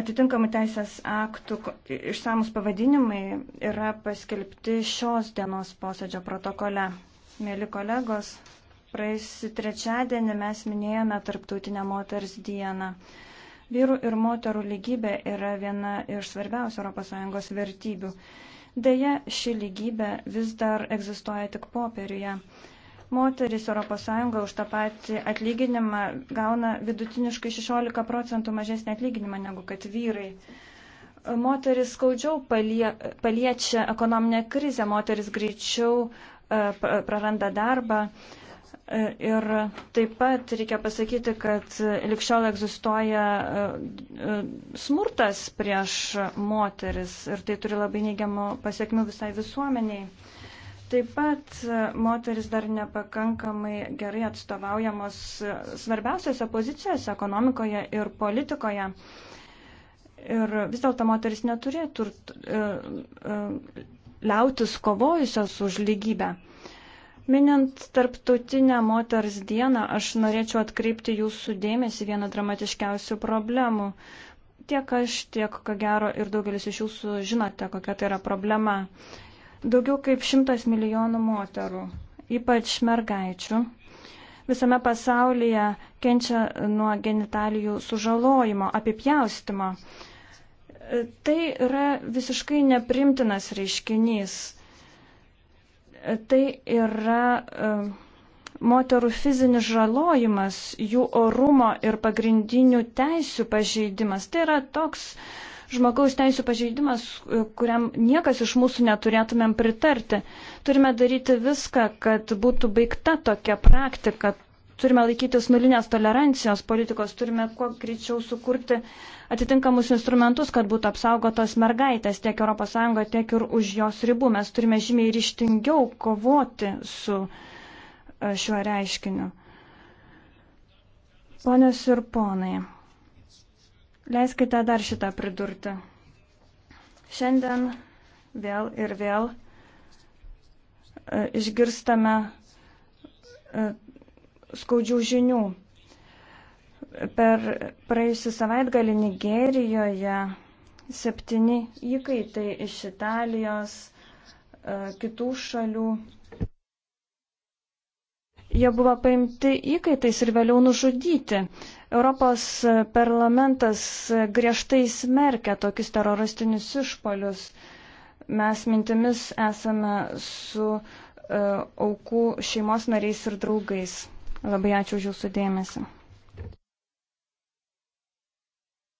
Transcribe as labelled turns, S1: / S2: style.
S1: Atitinkamų teisės aktų išsamus pavadinimai yra paskelbti šios dienos posėdžio protokole. Mėly kolegos, praėjusį trečiadienį mes minėjome Tarptautinę moters dieną. Vyrų ir moterų lygybė yra viena iš svarbiausių ES vertybių. Deja, ši lygybė vis dar egzistuoja tik popieriuje. Moteris ES už tą patį atlyginimą gauna vidutiniškai 16 procentų mažesnį atlyginimą negu kad vyrai. Moteris skaudžiau palie, paliečia ekonominę krizę, moteris greičiau e, praranda darbą. E, ir taip pat reikia pasakyti, kad likščiol egzistuoja e, smurtas prieš moteris ir tai turi labai neigiamų pasiekmių visai visuomeniai. Taip pat e, moteris dar nepakankamai gerai atstovaujamos e, svarbiausiose pozicijose ekonomikoje ir politikoje. Ir vis dėlto moteris neturėtų e, liautis kovojusios už lygybę. Minint tarptautinę moters dieną, aš norėčiau atkreipti jūsų dėmesį vieną dramatiškiausių problemų. Tiek aš, tiek, ko gero, ir daugelis iš jūsų žinote, kokia tai yra problema Daugiau kaip šimtas milijonų moterų, ypač mergaičių, visame pasaulyje kenčia nuo genitalijų sužalojimo, apipjaustimo. Tai yra visiškai neprimtinas reiškinys. Tai yra e, moterų fizinis žalojimas, jų orumo ir pagrindinių teisių pažeidimas. Tai yra toks uh, žmogaus teisų pažeidimas, kuriam niekas iš mūsų neturėtumėm pritarti. Turime daryti viską, kad būtų baigta tokia praktika. Turime laikytis nulinės tolerancijos politikos, turime kuo greičiau sukurti atitinkamus instrumentus, kad būtų apsaugotos mergaitės tiek ES, tiek ir už jos ribų. Mes turime žymiai ryštingiau kovoti su e, šiuo reiškiniu. Ponios ir ponai. Leiskite dar šitą pridurti. Šiandien vėl ir vėl e, išgirstame e, skaudžių žinių. Per praėjusią savaitgalį Nigerijoje septyni įkaitai iš Italijos, e, kitų šalių Jie buvo paimti įkaitais ir vėliau nužudyti. Europos parlamentas griežtai smerkia tokius teroristinius išpolius. Mes mintimis esame su uh, aukų šeimos nariais ir draugais. Labai ačiū už jūsų dėmesį.